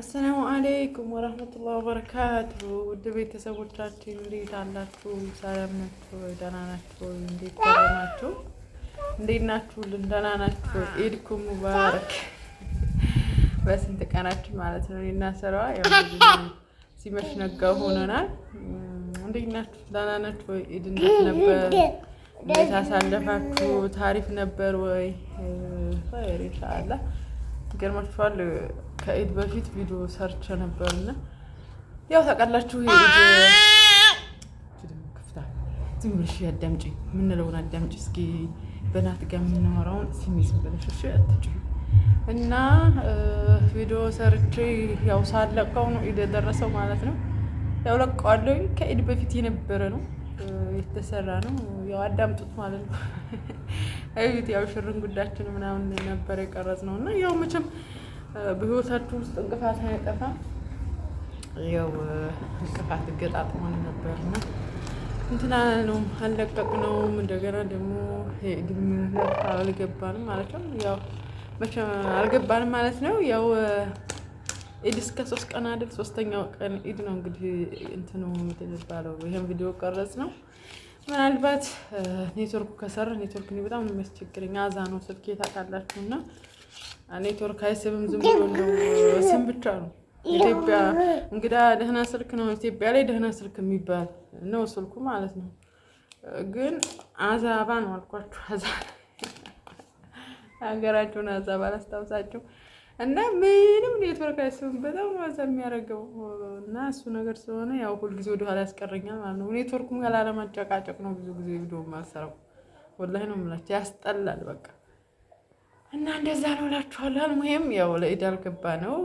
አሰላሙ አለይኩም ወረህመቱላህ ወበረካቱ ውድ ቤተሰቦቻችን እንዴት አላችሁ? ሰላም ናችሁ? ደህና ናችሁ? እንዴት ናችሁ? እንዴት ናችሁ? ደህና ናችሁ? ኢድኩ ሙባረክ። በስንት ቀናችን ማለት ነው። እኔና ስራዋ ሲመሽ ነጋ ሆነናል። እንዴት ናችሁ? ደህና ናችሁ? ኢድ እንዴት ነበር? እንዴት አሳለፋችሁ? ታሪፍ ነበር ወይ? ኢንሻላህ ይገርማችኋል ከኢድ በፊት ቪዲዮ ሰርቼ ነበር እና ያው ታውቃላችሁ ትንሽ አዳምጪ የምንለውን አዳምጪ እስኪ በናት ጋር የምናወራውን ሲሚስ ብለሽ አትጭ እና ቪዲዮ ሰርቼ ያው ሳለቀው ነው ኢድ የደረሰው ማለት ነው። ያው ለቀዋለሁ። ከኢድ በፊት የነበረ ነው የተሰራ ነው። ያው አዳምጡት ማለት ነው። አዩት። ያው ሽርን ጉዳችን ምናምን ነበር የቀረጽ ነው እና ያው መቼም በህይወታችሁ ውስጥ እንቅፋት አይጠፋም። ያው እንቅፋት ገጣጥሞን ነበር እና እንትና ነው አልለቀቅነውም። እንደገና ደግሞ ግንኙነት አልገባንም ማለት ነው። ያው መቼም አልገባንም ማለት ነው። ያው ኢድ እስከ ሶስት ቀን አይደል? ሶስተኛው ቀን ኢድ ነው እንግዲህ እንትኑ የሚባለው ይህም ቪዲዮ ቀረጽ ነው ምናልባት ኔትወርኩ ከሰራ ኔትወርክ እኔ በጣም ነው የሚያስቸግረኝ። አዛ ነው ስልኬ ታውቃላችሁ። እና ኔትወርክ አይስብም ዝም ብሎ ነው ስም ብቻ ነው። ኢትዮጵያ እንግዳ ደህና ስልክ ነው ኢትዮጵያ ላይ ደህና ስልክ የሚባል ነው ስልኩ ማለት ነው። ግን አዛባ ነው አልኳችሁ። አዛ ሀገራችሁን አዛባ አላስታውሳችሁ እና ምንም ኔትወርክ አይስብም። በጣም ዋዛ የሚያደርገው እና እሱ ነገር ስለሆነ ያው ሁልጊዜ ወደኋላ ያስቀረኛል ማለት ነው። ኔትወርኩም ያላለመጨቃጨቅ ነው። ብዙ ጊዜ ቪዲዮ ማሰራው። ወላሂ ነው የምላቸው፣ ያስጠላል በቃ። እና እንደዛ ነው እላችኋለሁ። ሙሄም ያው ለኢድ አልገባ ነው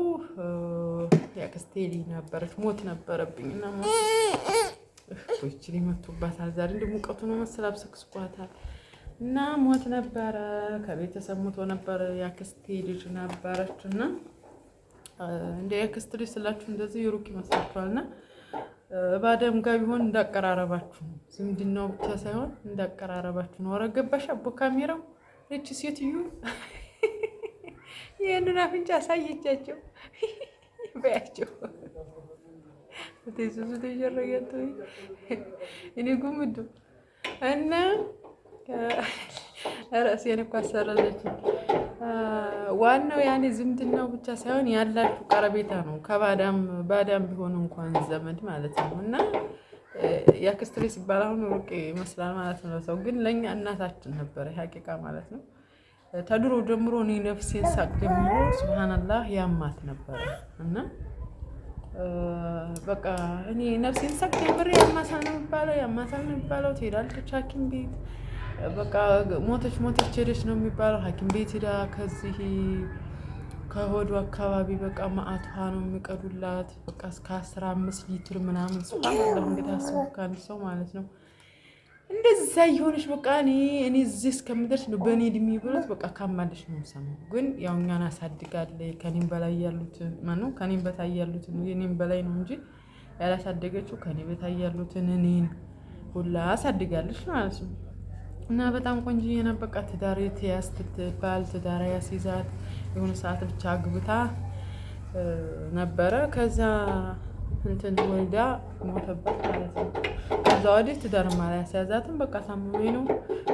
ያክስቴ ልጅ ነበረች፣ ሞት ነበረብኝ እና ሞት ይችል ይመቱባታል። ዛሬ እንደ ሙቀቱ ነው መሰል አብሰክስኳታል እና ሞት ነበረ። ከቤተሰብ ሞቶ ነበር። ያክስቴ ልጅ ነበረች እና እንደ ያክስት ልጅ ስላችሁ እንደዚህ የሩቅ ይመስላችኋል። እና ባደም ጋር ቢሆን እንዳቀራረባችሁ ነው። ዝምድናው ብቻ ሳይሆን እንዳቀራረባችሁ ነው። ኧረ አቦ ካሜራው እች ሴትዮ ይህንን አፍንጫ አሳየቻቸው በያቸው ቴሱሱ ተሸረገቶ እኔ ጉምዱ እና ራሴን እኮ አሰረዘች። ዋናው ያኔ ዝምድናው ብቻ ሳይሆን ያላችሁ ቀረቤታ ነው። ከባዳም ባዳም ቢሆን እንኳን ዘመድ ማለት ነው እና የአክስት ቤት ሲባል አሁን ሩቅ ይመስላል ማለት ነው። ሰው ግን ለእኛ እናታችን ነበረ ሀቂቃ ማለት ነው። ተድሮ ጀምሮ እኔ ነፍሴን ሳቅ ጀምሮ ስብሃናላህ ያማት ነበረ እና በቃ እኔ ነፍሴን ሳቅ ጀምሬ ያማታል ነው የሚባለው፣ ያማታል ነው የሚባለው። ትሄዳለች ሐኪም ቤት በቃ ሞተች ሞተች ሄደች ነው የሚባለው። ሐኪም ቤት ሄዳ ከዚህ ከሆዱ አካባቢ በቃ ማአት ነው የሚቀዱላት። በቃ እስከ አስራ አምስት ሊትር ምናምን ስለ እንግዲህ አስቡ ከአንድ ሰው ማለት ነው እንደዛ የሆነች በቃ እኔ እኔ እዚህ እስከምደርስ ነው በእኔ እድሜ ብሎት በቃ ካማለች ነው የምሰማው። ግን ያው እኛን አሳድጋለች ከኔም በላይ ያሉትን ማነው ከኔም በታይ ያሉትን እኔም በላይ ነው እንጂ ያላሳደገችው ከኔ በታይ ያሉትን እኔን ሁላ አሳድጋለች ማለት ነው። እና በጣም ቆንጆዬ ናት። ትዳር ትያዝ ትባል ትዳር ያስይዛት የሆነ ሰዓት ብቻ አግብታ ነበረ። ከዛ እንትን ወልዳ ሞተበት ማለት ነው። ከዛ ወዲህ ትዳር ማላ ያስያዛትም በቃ ታምሜ ነው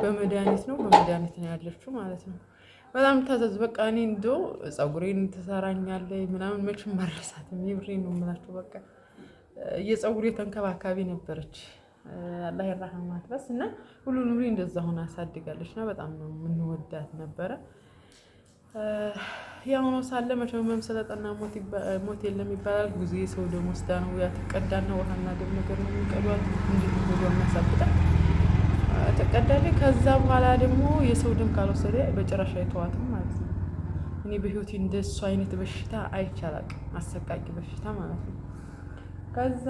በመድኃኒት ነው በመድኃኒት ነው ያለችው ማለት ነው። በጣም ታዘዝ በቃ እኔ እንዶ ጸጉሬን ትሰራኛለች ምናምን መቼም አልረሳትም። ይብሬ ነው የምላቸው በቃ የጸጉሬ ተንከባካቢ ነበረች። አላህ ይርሐማት በስ እና ሁሉ ሁሉንም እንደዛ ሆና አሳድጋለች እና በጣም ነው የምንወዳት ነበረ። ያው ሆኖ ሳለ መቼም ህመም ስለጠና ሞት የለም ይባላል። ብዙ ሰው ደሞ ስዳ ነው ያ ነው ውሃና ደም ነገር ነው የሚቀዷት እንጂ ብዙ የሚያሳብጣል ትቀዳለች። ከዛ በኋላ ደግሞ የሰው ደም ካልወሰደ በጭራሽ አይተዋትም ማለት ነው። እኔ በህይወቴ እንደሱ አይነት በሽታ አይቻላቅም አሰቃቂ በሽታ ማለት ነው። ከዛ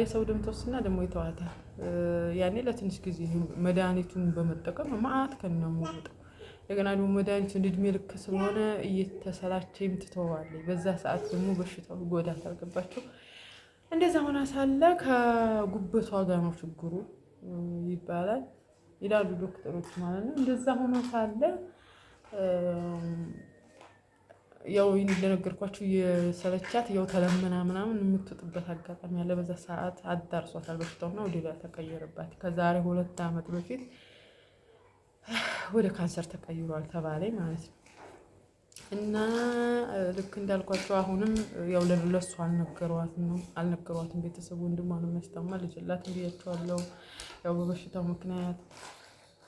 የሰው ደም ተወስና ደግሞ ይተዋታል። ያኔ ለትንሽ ጊዜ መድኃኒቱን በመጠቀም ማአት ከኛ ከሚያሞወጠው እንደገና ደግሞ መድኃኒቱን እድሜ ልክ ስለሆነ እየተሰላቸኝ የምትተዋለ በዛ ሰዓት ደግሞ በሽታው ጎዳት አልገባቸው። እንደዛ ሆና ሳለ ከጉበቷ ጋር ነው ችግሩ ይባላል ይላሉ ዶክተሮች ማለት ነው። እንደዛ ሆኖ ሳለ ያው እንደነገርኳችሁ የሰለቻት ያው ተለምና ምናምን የምትወጥበት አጋጣሚ ያለ በዛ ሰዓት አዳርሷታል በሽታውና ወደ ሌላ ተቀየረባት። ከዛሬ ሁለት ዓመት በፊት ወደ ካንሰር ተቀይሯል ተባለ ማለት ነው። እና ልክ እንዳልኳቸው አሁንም ያው ለለሱ አልነገሯትም። አልነገሯትም ቤተሰቡ ወንድሟን የሚያስታማ ልጅ አላት ብያቸዋለሁ። ያው በበሽታው ምክንያት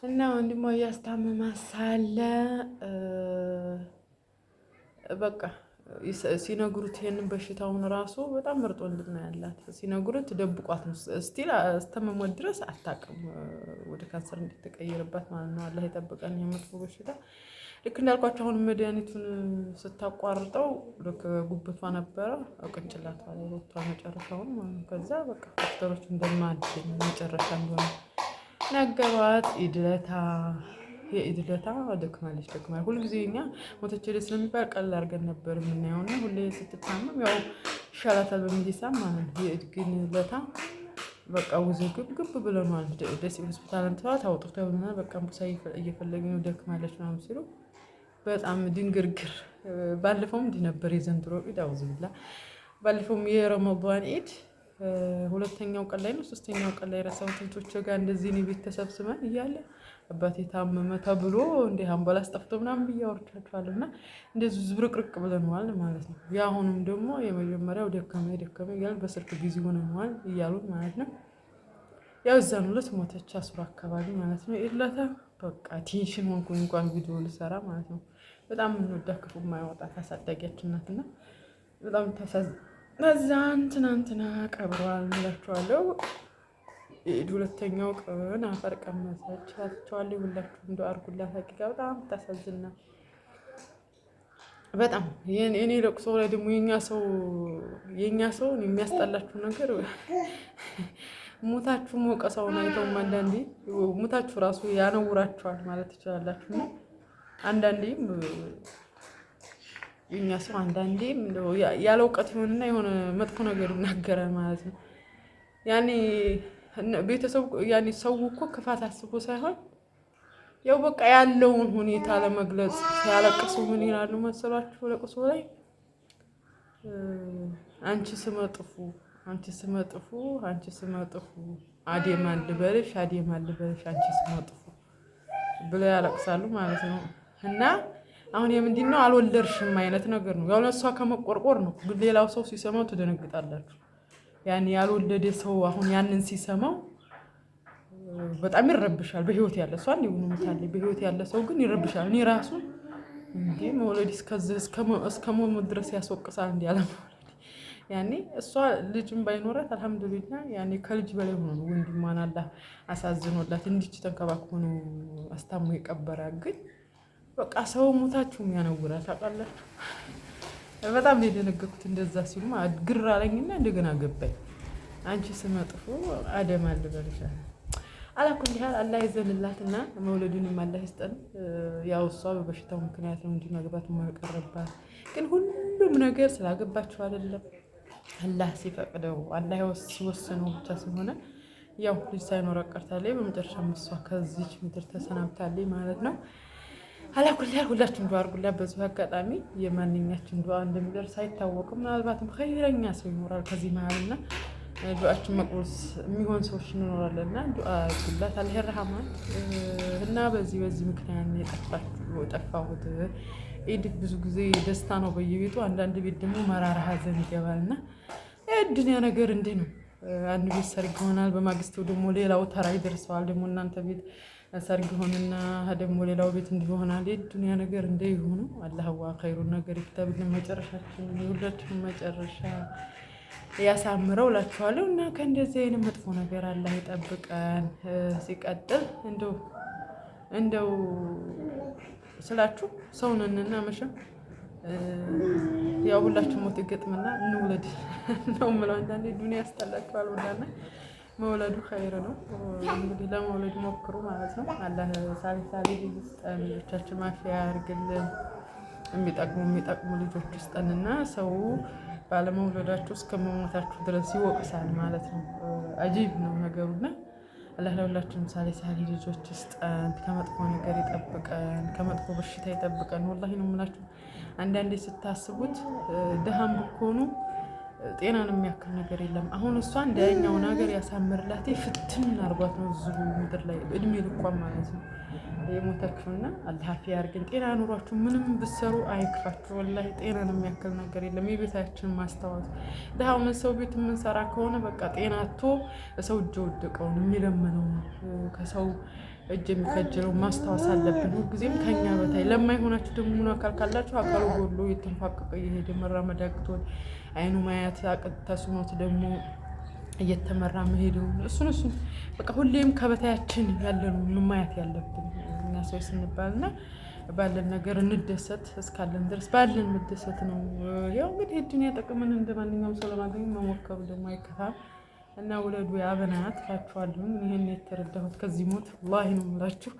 እና ወንድሟ እያስታመማ ሳለ በቃ ሲነግሩት ይሄንን በሽታውን ራሱ በጣም ምርጥ ወንድ ያላት። ሲነግሩት ደብቋት ነው ስቲል እስተመሞት ድረስ አታውቅም ወደ ካንሰር እንድትቀይርባት ማለት ነው። አላህ የጠበቀን የመጥፎ በሽታ። ልክ እንዳልኳቸው አሁን መድኃኒቱን ስታቋርጠው ልክ ጉብቷ ነበረ ቅንጭላት ላይ መጨረሻውን ከዛ በቃ ዶክተሮች እንደማድ መጨረሻ እንደሆነ ነገሯት። ኢድለታ የኢድለታ ደክማለች ደክማለች። ሁልጊዜ እኛ ሞተች ደ ስለሚባል ቀላል አድርገን ነበር የምናየው እና ሁሌ ስትታመም ያው ይሻላታል በሚዲሳ ማለት የእድግንለታ በቃ ውዝ ግብ ብለናል። ደስ ሆስፒታል ንትባት አውጥቶ ብና በቃ ቡሳ እየፈለግ ነው ደክማለች ምናምን ሲሉ በጣም ድንግርግር። ባለፈውም እንዲህ ነበር የዘንድሮ ኢድ አውዝ ብላ ባለፈውም የረመዷን ኢድ ሁለተኛው ቀን ላይ ነው ሶስተኛው ቀን ላይ ረሳሁት። ልጆች ጋር እንደዚህ ነው ቤት ተሰብስበን እያለ አባቴ ታመመ ተብሎ እንደ አምባላስ ጠፍቶ ምናምን ብዬ አውርቻችኋለሁ። እና እንደዚህ ዝብርቅርቅ ብለንዋል ማለት ነው። የአሁኑም ደግሞ የመጀመሪያው ደከመ ደከመ እያሉ በስልክ ጊዜ ሆነዋል እያሉ ማለት ነው። ያው እዛን ሁለት ሞተች አስሩ አካባቢ ማለት ነው። የለተ በቃ ቴንሽን ሆንኩኝ እንኳን ቪዲዮ ልሰራ ማለት ነው። በጣም የምንወዳ ክፉ የማይወጣ ታሳዳጊያችን ናትና በጣም በዛን ትናንትና ቀብሯል ብላችኋለሁ። ኢድ ሁለተኛው ቀን አፈር ቀመሰች ታችኋለሁ። ሁላችሁም እንደ አርጉላ ሀቂቃ በጣም ታሳዝና። በጣም እኔ ለቁሶ ላይ ደግሞ የኛ ሰው የኛ የሚያስጠላችሁ ነገር ሙታችሁ ሞቀ ሰውን አይተውም አንዳንዴ ሙታችሁ ራሱ ያነውራችኋል ማለት ትችላላችሁ። አንዳንዴም የኛ ሰው አንዳንዴም ያለ እውቀት የሆነና የሆነ መጥፎ ነገር ይናገረ ማለት ነው። ያኔ ቤተሰብ ያኔ ሰው እኮ ክፋት አስቦ ሳይሆን ያው በቃ ያለውን ሁኔታ ለመግለጽ ሲያለቅሱ ምን ይላሉ መሰሏችሁ? ለቅሶ ላይ አንቺ ስመጥፉ አንቺ ስመጥፉ አንቺ ስመጥፉ አዴማ ልበልሽ አዴማ ልበልሽ አንቺ ስመጥፉ ብለው ያለቅሳሉ ማለት ነው እና አሁን የምንድን ነው አልወለድሽም አይነት ነገር ነው። ያው ለእሷ ከመቆርቆር ነው። ሌላው ሰው ሲሰማው ትደነግጣላችሁ። ያን ያልወለደ ሰው አሁን ያንን ሲሰማው በጣም ይረብሻል። በህይወት ያለ እሷ እንዲሁ ምታለ በህይወት ያለ ሰው ግን ይረብሻል። እኔ ራሱ እንዴ መውለድ እስከ ሞት ድረስ ያስወቅሳል። እንዲ ያለመውለድ ያኔ እሷ ልጅም ባይኖራት አልሐምዱሊላ ያኔ ከልጅ በላይ ሆኖ ነው ወንድሟን አላህ አሳዝኖላት እንዲች ተንከባክ ሆኖ አስታሞ የቀበራ ግን በቃ ሰው ሞታችሁ የሚያነውራ ታውቃላችሁ። በጣም የደነገኩት እንደዛ ሲሉ ግራ አለኝና እንደገና ገባኝ። አንቺ ስመጥፎ አደም አልበልሻ አላኩል ያህል አላህ ይዘንላትና መውለዱንም አላህ ይስጠን። ያው እሷ በበሽታው ምክንያት ነው እንጂ መግባት የማይቀርባት ግን ሁሉም ነገር ስላገባችሁ አይደለም። አላህ ሲፈቅደው አላህ ሲወስነው ብቻ ስለሆነ ያው ልጅ ሳይኖር ቀርታለች። በመጨረሻ እሷ ከዚች ምድር ተሰናብታለች ማለት ነው። አላኩላ ሁላችሁም ዱዓ አድርጉላት። በዚሁ አጋጣሚ የማንኛችን ዱዓ እንደሚደርስ አይታወቅም። ምናልባትም ኸይረኛ ሰው ይኖራል ከዚህ መሀልና ዱዓችን መቅቡል የሚሆን ሰዎች እንኖራለን እና ዱዓ አድርጉላት። አላህ ረህማን እና በዚህ በዚህ ምክንያት የጠፋሁት ኢድ ብዙ ጊዜ ደስታ ነው በየቤቱ አንዳንድ ቤት ደግሞ መራራ ሀዘን ይገባል እና ዱንያ ነገር እንዲህ ነው። አንድ ቤት ሰርግ ይሆናል፣ በማግስቱ ደግሞ ሌላው ተራ ይደርሰዋል። ደግሞ እናንተ ቤት ሰርግ ሆንና ደግሞ ሌላው ቤት እንዲህ ይሆናል። የዱንያ ነገር እንደ ይሆኑ አላህ ዋ ኸይሩን ነገር ይክተብልን። መጨረሻችን የሁላችንም መጨረሻ ያሳምረው እላችኋለሁ። እና ከእንደዚህ አይነት መጥፎ ነገር አላህ ይጠብቀን። ሲቀጥል እንደው እንደው ስላችሁ ሰው ነንና መቼም ያው ሁላችሁ ሞት ይገጥምና እንውለድ ነው የምለው። አንዳንዴ ዱኒያ ያስጠላችኋል ወዳና መውለዱ ኸይር ነው። እንግዲህ ለመውለድ ሞክሩ ማለት ነው። አላህ ሳሌ ሳሌ ይስጠን፣ ልጆቻችን ማፊያ ያርግልን፣ የሚጠቅሙ የሚጠቅሙ ልጆች እና ሰው ባለመውለዳችሁ እስከ መሞታችሁ ድረስ ይወቅሳል ማለት ነው። አጂብ ነው ነገሩና አላህ ለሁላችንም ሳሌ ሳሌ ልጆች ይስጠን፣ ከመጥፎ ነገር ይጠብቀን፣ ከመጥፎ በሽታ ይጠብቀን። ወላሂ ነው የምላችሁ አንዳንዴ ስታስቡት ደሃም ብኮኑ ጤናን የሚያክል ነገር የለም። አሁን እሷ እንደኛው ነገር ያሳምርላት ፍትን አርጓት ነው እዚሁ ምድር ላይ እድሜ ልኳን ማለት ነው የሞታችሁና አልሀፊ ያርግን። ጤና ኑሯችሁ ምንም ብሰሩ አይክፋችሁ። ወላሂ ጤናን የሚያክል ነገር የለም። የቤታችን ማስታወስ ድሃው ሰው ቤት የምንሰራ ከሆነ በቃ ጤናቶ ሰው እጀ ወደቀውን የሚለምነው ከሰው እጅ የሚከጅለው ማስታወስ አለብን ሁልጊዜም ከኛ በታይ ለማይሆናችሁ ደግሞ ምን አካል ካላችሁ አካሉ ጎሎ የተንፋቀቀ እየሄደ መራመድ አቅቶት አይኑ ማየት ተስኖት ደግሞ እየተመራ መሄዱ እሱን እሱን በቃ ሁሌም ከበታያችን ያለነው ማየት ያለብን እኛ ሰው ስንባል እና ባለን ነገር እንደሰት እስካለን ድረስ ባለን መደሰት ነው። ያው እንግዲህ እድን ያጠቅምን እንደ ማንኛውም ሰው ለማግኘት መሞከሩ ደግሞ አይከፋም። እና ውለዱ የአበናት እላችኋለሁ። ይህን የተረዳሁት ከዚህ ሞት ወላሂ ነው የምላችሁ።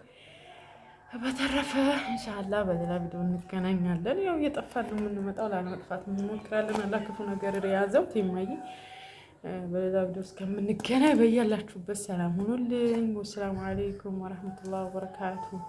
በተረፈ እንሻላ በሌላ ቪዲዮ እንገናኛለን። ያው እየጠፋን ነው የምንመጣው፣ ላለመጥፋት እንሞክራለን። አላህ ክፉ ነገር የያዘው ቴማዬ። በሌላ ቪዲዮ እስከምንገናኝ በያላችሁበት ሰላም ሁኑልኝ። ወሰላሙ አሌይኩም ወረህመቱላህ ወበረካቱሁ።